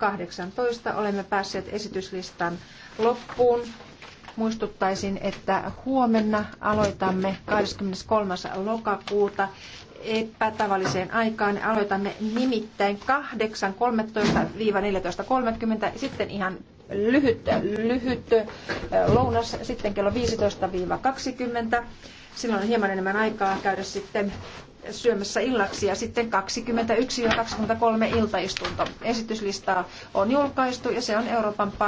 18. Olemme päässeet esityslistan loppuun. Muistuttaisin, että huomenna aloitamme 23. lokakuuta epätavalliseen aikaan. Aloitamme nimittäin 8.13-14.30, sitten ihan lyhyt, lyhyt lounas, sitten kello 15-20. Silloin on hieman enemmän aikaa käydä sitten syömässä illaksi ja sitten 21 ja 23 iltaistunto. Esityslistaa on julkaistu ja se on Euroopan